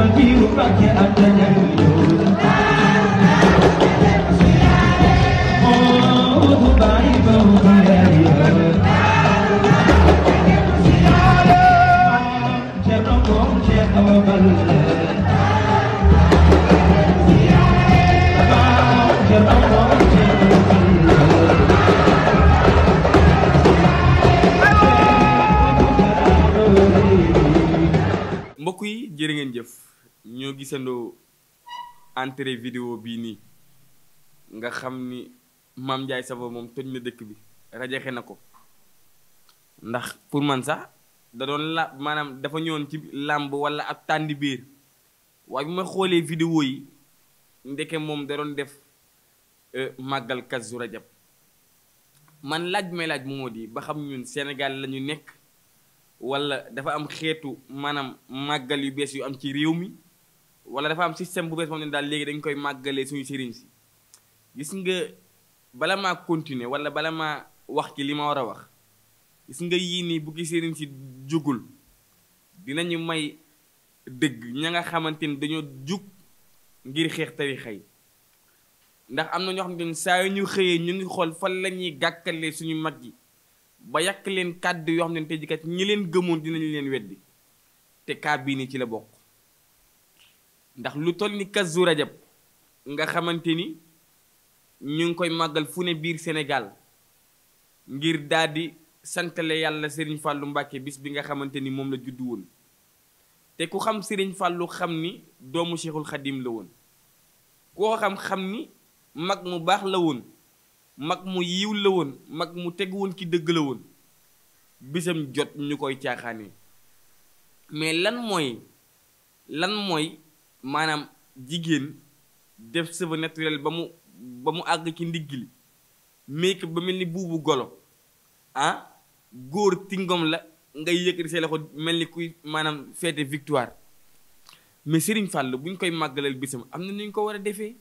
Basiru Mbàkke am na njariñ gisandoo entrée vidéo bii nii nga xam ni maam njaay Savon moom toj na dëkk bi rajaxe na ko ndax pour man sax da doon la maanaam dafa ñëwoon ci làmb wala ab tàndi biir waaye bi ma xoolee vidéo yi ndeke moom da doon def euh, màggal yu Rajab man laaj may laaj moo di ba xam ñun Sénégal la nekk wala dafa am xeetu maanaam màggal yu bees yu am ci réew mi wala dafa am système bu bees moom ne daal léegi dañ koy màggalee suñu sëriñ si gis nga bala maa continuer wala bala maa wax ci li ma war a wax gis nga yii nii bu ki sëriñ si jugul dinañu may dëgg ña nga xamante ni dañoo jug ngir xeex tarixa yi ndax am na ñoo xamante ni saa yu ñu xëyee ñu ngi xool fan la ñuy gàkkalee suñu mag yi ba yàq leen kàdd yoo xam ne tey jii kat ñi leen gëmoon dinañu leen weddi te kaa bii nii ci la bokk ndax lu toll ni kazu rajab nga xamante ni ñu ngi koy màggal fu ne biir Sénégal ngir daal di santale yàlla seriñ fàllu Mbacke bis bi nga xamante ni moom la juddu woon te ku xam Serigne fàllu xam ni doomu Cheikhul Khadim la woon koo xam-xam ni mag mu baax la woon mag mu yiw la woon mag mu teg woon ci dëgg la woon bisam jot ñu koy caaxaane mais lan mooy lan mooy maanaam jigéen def cheveux naturel ba mu ba mu àgg ci ndigg li make ba mel ni buubu golo ah góor tingom la ngay yëkkati say loxo mel ni kuy maanaam feete victoire mais Serigne Fall bu ñu koy màggalal bisam am na nu ñu ko war a defee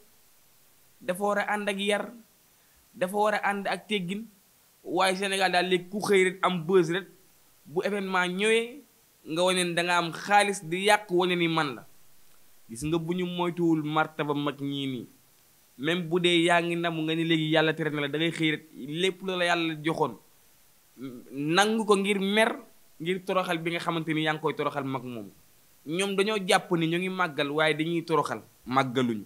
dafa war a ànd ak yar dafa war a ànd ak teggin waaye Sénégal daal léegi ku xëy rek am bës rek bu événement ñëwee nga wane ne da am xaalis di yàq wane ni man la gis nga bu ñu moytuwul martaba mag ñii nii même bu dee yaa ngi namu nga ni léegi yàlla tere na la da ngay xëy rek lépp la la yàlla joxoon nangu ko ngir mer ngir toroxal bi nga xamante ni yaa ngi koy toroxal mag moomu ñoom dañoo jàpp ni ñu ngi màggal waaye dañuy toroxal màggaluñu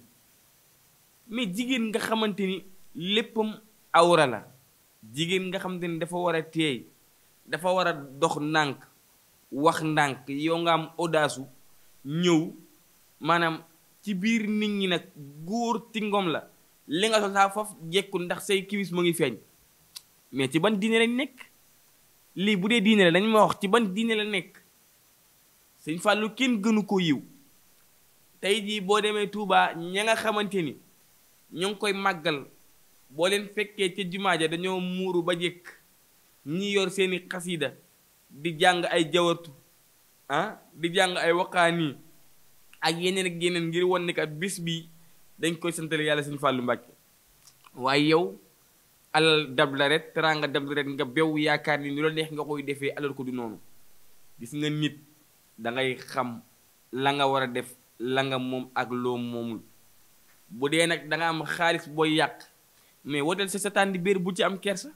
mais jigéen nga xamante ni léppam awra la jigéen nga xamante ni dafa war a teey dafa war a dox ndànk wax ndànk yow nga am audace ñëw maanaam ci biir nit ñi nag góor ti ngoom la li nga sol saa foofu jekkul ndax say kiwis mu ngi feeñ mais ci ban diine lañ nekk lii bu dee diine la dañ ma wax ci ban diine la nekk sëñ Fallou kenn gënu ko yiw tey jii boo demee Touba ña nga xamante ni ñoo ngi koy màggal boo leen fekkee ca jumaa ja dañoo muuru ba jekk ñi yor seeni xasiida di jàng ay jawartu ah di jàng ay waqaani ak yeneen ak yeneen ngir won ni kat bis bi dañ koy santale yàlla suñu fàllu mbàkke waaye yow alal dab la ret teraanga dab la nga bew yaakaar ni lu la neex nga koy defee alal ko du noonu gis nga nit da ngay xam la nga war a def la nga moom ak loo moomul bu dee nag danga am xaalis booy yàq mais woteel sa sataan di biir bu ci am kersa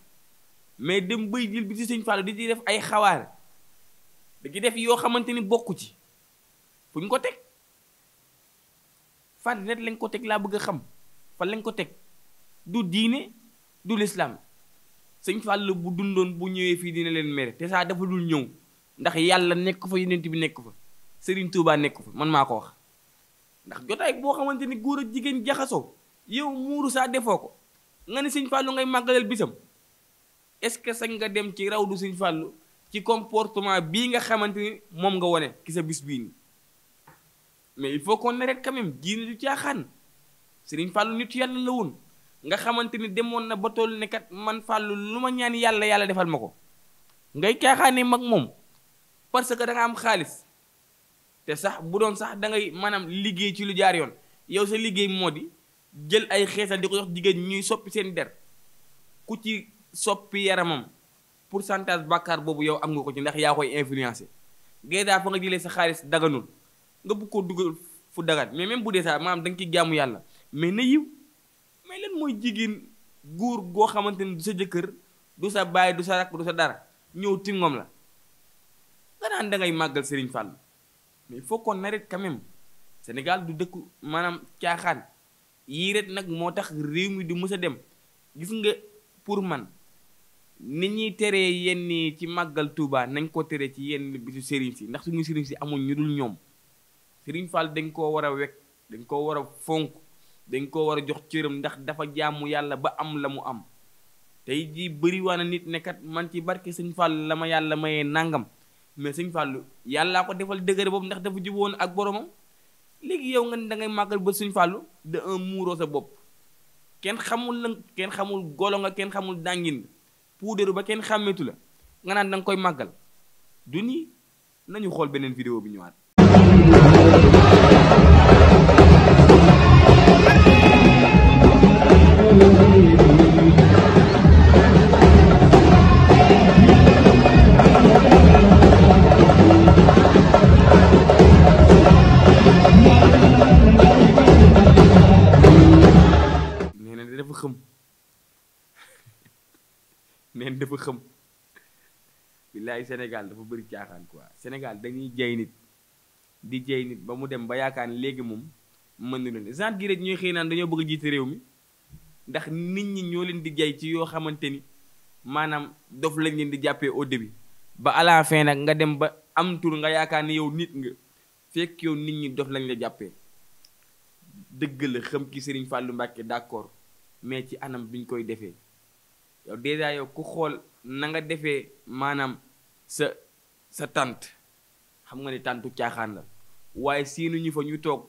mais dem bëy jël bi ci sëñ Fallou di ci def ay xawaar da ci def yoo xamante ni bokku ci fu ñu ko teg fan rek lañ ko teg laa bëgg a xam fan lañ ko teg du diine du lislaam sëñ Fall bu dundoon bu ñëwee fii dina leen mere te saa dafa dul ñëw ndax yàlla nekk fa yonent bi nekk fa Serigne Touba nekk fa man maa ko wax ndax jotaay boo xamante ni góor ak jigéen jaxasoo yow muuru saa defoo ko nga ne sëñ Fallou ngay màggalal bisam est-ce que sañ nga dem ci raw du sëñ Fallou ci comportement bii nga xamante ni moom nga wone ki sa bis bii nii mais il faut qu'on arrête quand même diine du caaxaan Serigne Fallou nit yàlla la woon nga xamante ni demoon na ba toll ne kat man Fallou lu ma ñaan yàlla yàlla defal ma ko ngay caaxaane mag moom parce que da am xaalis te sax bu doon sax dangay ngay liggéey ci lu jaar yoon yow sa liggéey moo di jël ay xeesal di ko jox jigéen ñuy soppi seen der ku ci soppi yaramam pour pourcentage bàkkaar boobu yow am nga ko ci ndax yaa koy influencé dèjà fa nga jëlee sa xaalis daganul nga bugg koo dugal fu dagat mais même bu dee sax maanaam da nga ciy jaamu yàlla mais na yiw mais lan mooy jigéen góor goo xamante ni du sa jëkkër du sa baay du sa rakk du sa dara ñëw tingom la nga naan da màggal Serigne Fall mais faut qu'on arrête quand même du dëkku maanaam caaxaan yii ret nag moo tax réew mi du mës a dem gis nga pour man ni ñuy teree yenn ci màggal Touba nañ koo teree ci yenn bisu Serigne si ndax suñu Serigne si amuñ ñu dul ñoom. Serigne fàll dañ koo war a wekk dañ koo war a fonk dañ koo war a jox cëram ndax dafa jaamu yàlla ba am la mu am tey jii bëriwaana nit nekkat man ci barke Sëñ Fall la ma yàlla mayee nangam mais Sëñ Fall yàllaa ko defal dëgër boobu ndax dafa juboon ak boromam léegi yow nga ne da ngay màggal ba suñ Fall de un muuroo sa bopp kenn xamul la kenn xamul golo nga kenn xamul dàngin puudaru ba kenn xàmmeetu la nga naan danga koy màggal du nii nañu xool beneen vidéo bi ñëwaat. neen dafa xam billaay Sénégal dafa bëri caaxaan quoi Sénégal dañuy jay nit di jey nit ba mu dem ba yaakaar ni léegi moom mën na leen genre gi rek xëy naan dañoo bëgg a jiite réew mi ndax nit ñi ñoo leen di jey ci yoo xamante ni maanaam dof lañ leen di jàppee au début ba à nag nga dem ba am tur nga yaakaar ni yow nit nga fekk yow nit ñi dof lañ la jàppee dëgg la xam ki Serigne Fallou Mbacké d'accord mais ci anam biñ koy defee yow déjà yow ku xool nanga defee maanaam sa sa tànt xam nga ni tàntu caaxaan la waaye seenu ñu fa ñu toog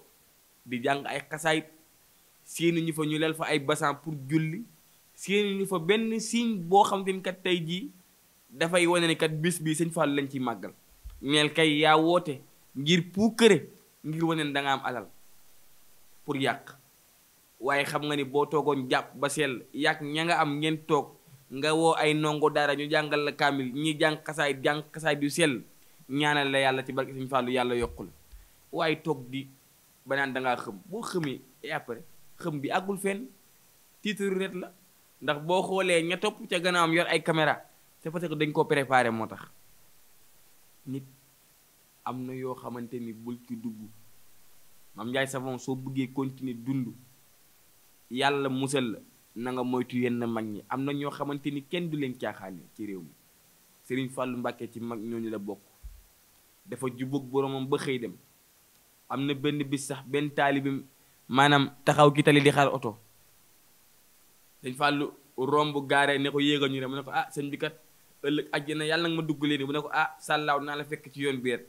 di jàng ay xasaayit seenu ñu fa ñu lel fa ay basan pour julli seenu ñu fa benn signe boo xam tey jii dafay wane ni kat bii sëñ Fall lañ ciy màggal mel kay yaa woote ngir puukare ngir wane ni am alal pour yàq waaye xam nga ni boo toogoon jàpp ba sell yàq ña nga am ngeen toog nga woo ay ndongo daara ñu jàngal la kaamil ñi jàng xasaay jàng xasaay yu sell ñaanal la yàlla ci barke Sëñ Fàllu yàlla yokk la waaye toog di banaan naan xëm boo xëmee e après xëm bi àggul fenn titre ret la ndax boo xoolee ña topp ca gannaawam yor ay caméra c'est parce que dañ koo préparé moo tax nit am na yoo xamante ni bul ci dugg Mame Ndiaye Savon soo buggee continuer dund yàlla musal la na nga moytu yenn mag ñi am na ñoo xamante ni kenn du leen caaxaane ci réew mi Serigne Fallou Mbacké ci mag ñooñu la bokk dafa jubóog boromam ba xëy dem am na benn bis sax benn taalibi maanaam taxaw ki tali di xaar oto dañ fàllu romb gaare ne ko yéegal ñu ne mu ne ko ah seen bi kat ëllëg na yàlla nag ma dugg leen bu ne ko ah sàllaaw naa la fekk ci yoon biir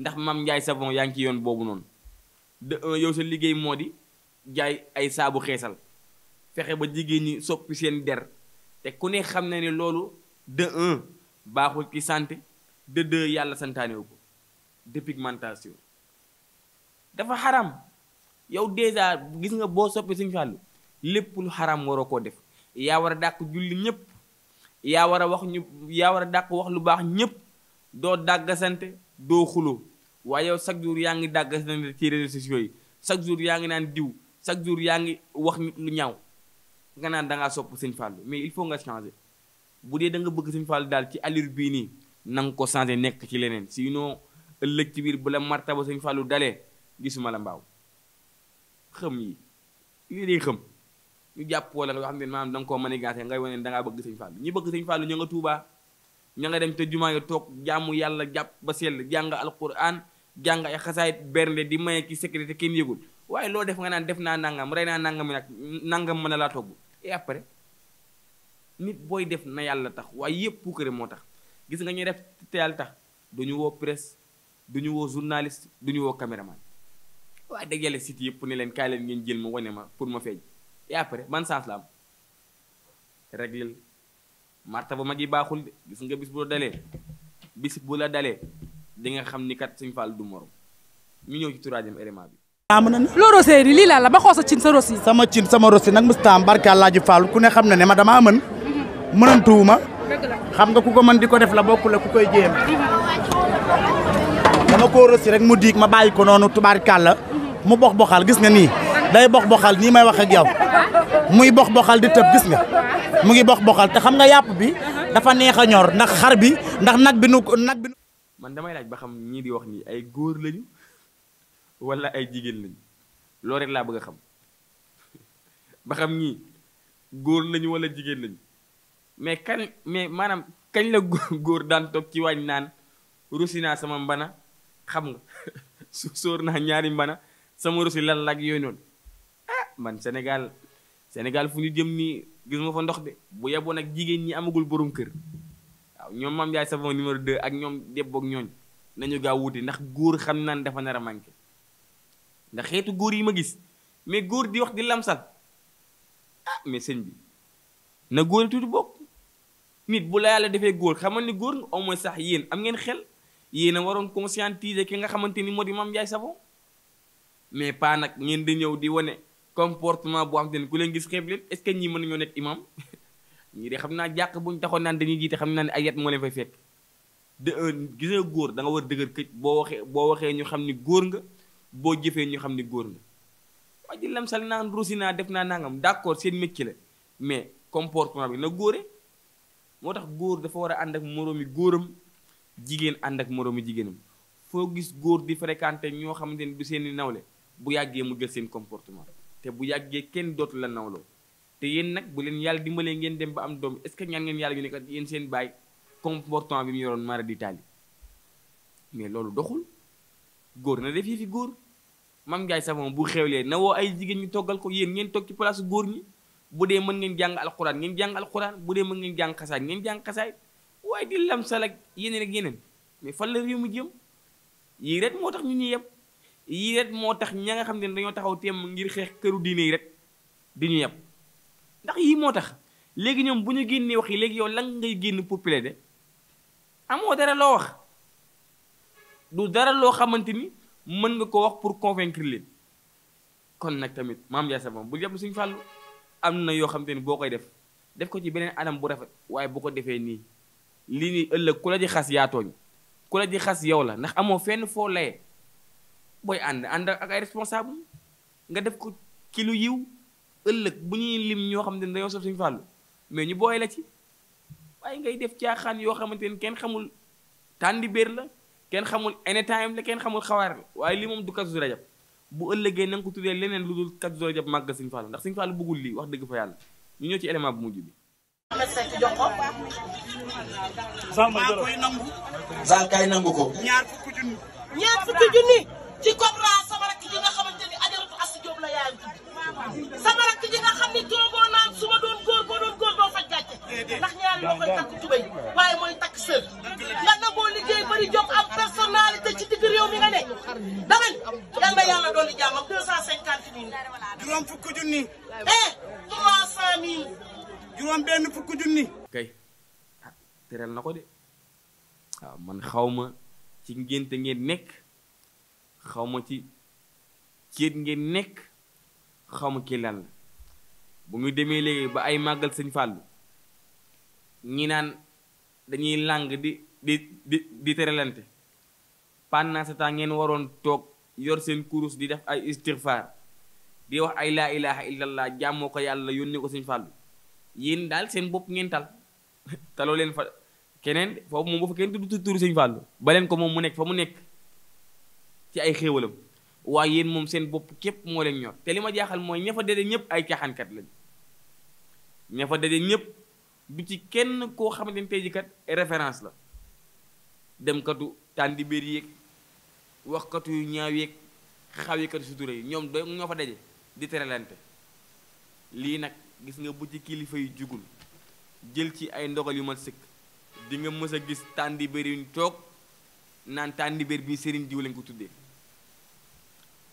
ndax maam njaay sabon yaa ngi ci yoon boobu noonu de un euh, yow sa liggéey moo di jaay ay saabu xeesal fexe ba jigéen ñi soppi seen der te ku ne xam na ne loolu de un baaxul ci santé de deux yàlla santaanewu ko dépigmentation dafa xaram yow dèjà gis nga boo soppee Sëñ Fallu lépp lu xaram waroo koo def yaa war a dàq julli ñëpp yaa war a wax ñu yaa war a dàq wax lu baax ñëpp doo dàggasante doo xulo waaye yow chaque jour yaa ngi dàggasante ci réseaux sociaux yi chaque jour yaa ngi naan diw chaque jour yaa ngi wax nit lu ñaw nga naan da ngaa sopp Sëñ Fallu mais il faut nga changer bu dee da nga bëgg Sëñ Fallu daal ci allure bii nii na ko changer nekk ci leneen sinon. ëllëg ci biir bu la martaba sëñ Fallou dalee gisuma la mbaaw xëm yi lii day xëm ñu jàpp wala nga xam ne maanaam da nga koo manigancé ngay wane da ngaa bëgg sëñ Fallou ñi bëgg sëñ Fallou ñu nga tuubaa ña nga dem te jumaa yi toog jàmm yàlla jàpp ba sell jàng alquran jàng ay xasaayit bernde di maye ki sécurité kenn yëgul waaye loo def nga naan def naa nangam rey naa nangam nag nangam mën na laa togg et après nit booy def na yàlla tax waaye yëpp puukare moo tax gis nga ñu def du duñu woo journaliste duñu woo caméraman waaye dëgg yàlla site yëpp ne leen kaay leen ngeen jël ma wane ma pour ma feeñ et après man chance la am réglel marta ba mag yi baaxul de gis nga bis bu la dalee bis la dalee di nga xam ni kat suñ Fall du morom ñu ñëw ci troisième élément bi. ma mën a ne. looloo séeri lii laa la ba xoo sa cin sa rosi. sama cin sama rosi nag mosut a am barke ku ne xam na ne ma damaa mën. Mhm. mënantuwuma. dëgg la xam nga ku ko mën di ko def la bokk la ku koy jéem. Mhm. dama koo rësi rek mu diig ma bàyyi ko noonu tubaarkàlla mu box boxal gis nga nii day box boxal nii may wax ak yow muy box boxal di tëb nga mu ngi box boxal te xam nga yàpp bi dafa neex a ñor ndax xar bi ndax nag bi nu nag bi man damay laaj ba xam ñii di wax nii ay góor lañu walla ay jigéen lañu loolu rek laa bëgg a xam ba xam ñii góor lañu wala jigéen lañu mais kan mais maanaam kañ la góor daan toog ci waañ naan rusi naa sama mbana xam nga su sóor naa ñaari mbana sama rosi lan lak yooyu noonu ah man Sénégal Sénégal fu ñu jëm nii gis ma fa ndox de bu yeboon ak jigéen ñi amagul boroom kër waaw ñoom maam yaay savon numéro 2 ak ñoom debboog ñooñ nañu gaa wuti ndax góor xam naan dafa nar a manqué ndax xeetu góor yi ma gis mais góor di wax di lamsal ah mais sëñ bi na góor tuuti bokk nit bu la defee góor xamal ni góor au moins sax yéen am ngeen xel yéen a waroon conscientiser ki nga xamante ni moo di Mame Ndiaye Savon mais pas nag ngeen di ñëw di wane comportement boo xam te ne ku leen gis xeeb leen est ce que ñii mën nañoo nekk imam ñii de xam naa jàq buñ taxoon naan dañuy jiite xam naa ne ay yat moo leen fay fekk euh, góor da war dëgër këj boo waxee boo waxee ñu xam ni góor nga boo jëfee ñu xam ni góor nga waa ji lam sali naan rusi naa def naa nangam d' accord seen métier la mais comportement bi na góore moo tax góor dafa war a ànd ak moroomi góoram jigéen ànd ak moroomu jigéenam foo gis góor di fréquenté ñoo xamante ni du seeni nawle bu yàggee mu jël seen comportement te bu yàggee kenn dootu la nawloo te yéen nag bu leen yàlla dimbalee ngeen dem ba am doom est ce que ñaan ngeen yàlla ñu ne kat yéen seen baay comportement bi mu yoroon mara di taali mais loolu doxul góor na def fii fi góor mam Ndiaye Savon bu xewlee na woo ay jigéen ñu toggal ko yéen ngeen toog ci place góor ñi bu dee mën ngeen jàng alxuraan ngeen jàng alxuraan bu dee mën ngeen jàng xasaay ngeen jàng xasaay waaye di lamsal ak yeneen ak yeneen mais fan la réew mi jëm yii ret moo tax ñu ñuy yem yii ret moo tax ña nga xam ne dañoo taxaw teem ngir xeex këru diine yi rek di ñu yem ndax yii moo tax léegi ñoom bu ñu génnee wax yi léegi yow lan ngay génn pour plaider amoo dara loo wax du dara loo xamante ni mën nga ko wax pour convaincre leen kon nag tamit maam sa Savon bu jàpp suñu fàllu am na yoo xamante ni boo koy def def ko ci beneen anam bu rafet waaye bu ko defee nii. lii ni ëllëg ku la di xas yaa tooñ ku la di xas yow la ndax amoo fenn foo laye booy ànd ànd ak ay responsable nga def ko ci lu yiw ëllëg bu ñuy lim ñoo xam ne dañoo sof suñu fàllu mais ñu booy la ci waaye ngay def caaxaan yoo xamante kenn xamul tàndi béer la kenn xamul anytime la kenn xamul xawaar la waaye li moom du Kazu Rajab bu ëllëgee na ko tuddee leneen lu dul Kazu Rajab màgg Sëñ Fallu ndax Sëñ Fallu bëggul lii wax dëgg fa yàlla ñu ñëw ci élément bu mujj bi médecin ci jox ko. maa koy nangu. Zal kay nangu ko. ñaar fukki ñaar fukki ci Cobra sama rakk ji nga xam ni toogoo naan su doon góor boo doon góor doo faj gàcce. ndax ñaari loxoy takk tubéy waaye mooy takk sër. nga nangoo liggéey bari jom am personnalité ci digg réew mi ne. dama ni yal na yàlla dolli jàmmam deux cent cinquante mille. juróom fukki juróom benn fukk junni kay ah tëral na ko de waaw ah, man xawma ci ngénte ngeen nekk xawma ci céet ngeen nekk xawma ki lan la bu ñu demee léegi ba ay màggal sëñ fàllu ñi naan dañuy làng di di di di tëralante pendant ce ngeen waroon toog yor seen kurus di def ay istigfaar di wax ay laa ilaa ilaha laa jàmmoo ko yàlla yónni ko sëñ fàllu yéen daal seen bopp ngeen tal taloo leen fa keneen foofu moom ba fa kenn du turu sëñ Fallou ba leen ko moom mu nekk fa mu nekk ci ay xéewalam waaye yéen moom seen bopp képp moo leen ñor te li ma jaaxal mooy ña fa dede ñëpp ay caaxaankat lañ ña fa dede ñëpp du ci kenn koo xamante ni tey ji kat référence la dem katu tàndibéer yeeg wax katu yu ñaaw yéeg xaw yi katu sutura yi ñoom do ñoo fa daje di terelante lii nag gis nga bu ci kilifa yi jugul jël ci ay ndogal yu mat sëkk di nga mës a gis tàndibéer yuñ toog naan tàndibéer bi sëriñ diw lañ ko tuddee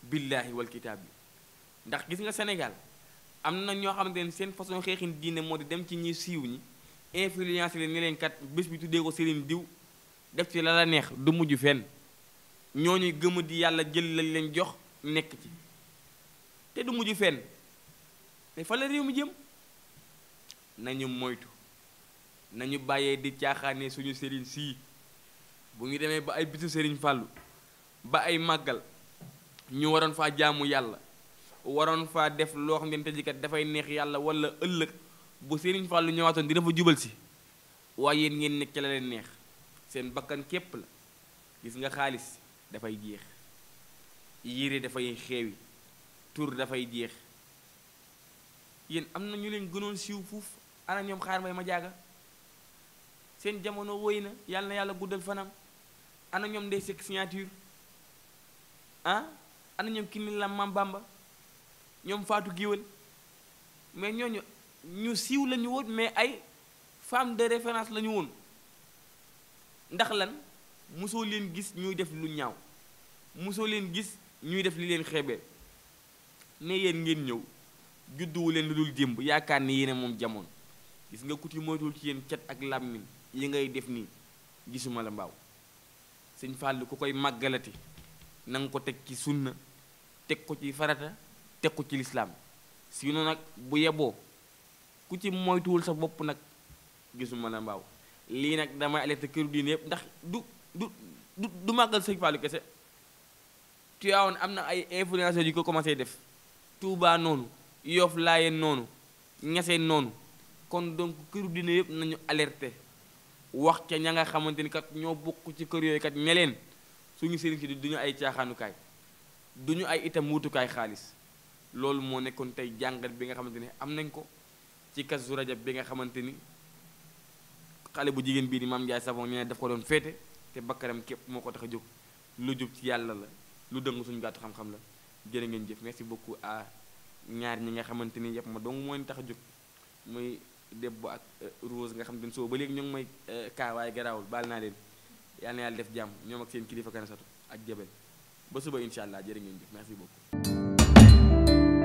billaahi wal kitaab bi ndax gis nga Sénégal am na ñoo xamante ne seen façon xeexin diine moo di dem ci ñi siiw ñi influence leen ne leen kat bés bi tuddee ko sëriñ diw def ci la neex du mujj fenn ñooñu gëmu di yàlla jël lañ leen jox nekk ci te du mujj fenn mais fa réew mi jëm nañu moytu nañu bàyyee di caaxaane suñu sëriñ sii bu ñu demee ba ay bisu sëriñ fàllu ba ay màggal ñu waroon faa jaamu yàlla waroon faa def loo xam ne tëjikat dafay neex yàlla wala ëllëg bu sëriñ fàllu ñëwaatoon dina fa jubal si waaye yéen ngeen nekk ca la leen neex seen bakkan képp la gis nga xaalis dafay jeex yére dafay xeewi tur dafay jeex yéen am na ñu leen gënoon siiw fuuf ana ñoom xaar mbay ma jaaga seen jamono woy na yàlla na yàlla guddal fanam ana ñoom ndey sekk signature ah ana ñoom kini la mam ñoom faatu giwal mais ñooñu ñu siiw la woon mais ay femme de référence lañu woon ndax lan mosoo leen gis ñuy def lu ñaaw mosoo leen gis ñuy def li leen xeebee mais yéen ngeen ñëw judduwu leen lu dul démb yaakaar ni yéen moom jamono gis nga kuti moytul ci yenn cat ak làmmiñ yi ngay def nii gisuma la mbaaw sëñ Fàllu ko koy màggalati nanga ko teg ci sunna teg ko ci farata teg ko ci lislaam sinon nag bu yeboo ku ci moytuwul sa bopp nag gisuma la mbaaw lii nag damay alerté këru diine yëpp ndax du du du màggal sëñ Fàllu kese Tiwaawan am na ay influenceurs yi ko commencé def Tuubaa noonu yoof laayeen noonu ñaseen noonu kon donc këru dina yëpp nañu alerte wax ca ña nga xamante ni kat ñoo bukk ci kër yooyu kat ñe leen suñu sëriñ si di duñu ay caaxaanukaay duñu ay itam wutukaay xaalis loolu moo nekkoon tey jàngat bi nga xamante ni am nañ ko ci Kazu Rajab bi nga xamante ni xale bu jigéen bii di Mame Ndiaye sabon ñene daf ko doon féete te bakkaram képp moo ko tax a jóg lu jub ci yàlla la lu dëng suñ gàttu xam-xam la jërë ngeen jëf merci à ñaar ñi nga xamante ni yëpp ma dong moo ñu tax a jóg muy debbo ak eh, rose nga xamante ni soo ba léegi ñu mooy may eh, kaawaay garaawul baal naa leen yal na yàlla def jàmm ñoom ak seen kilifa kanasatu ak jabel ba suba incha allah jërë ngeen jëf merci beaucoup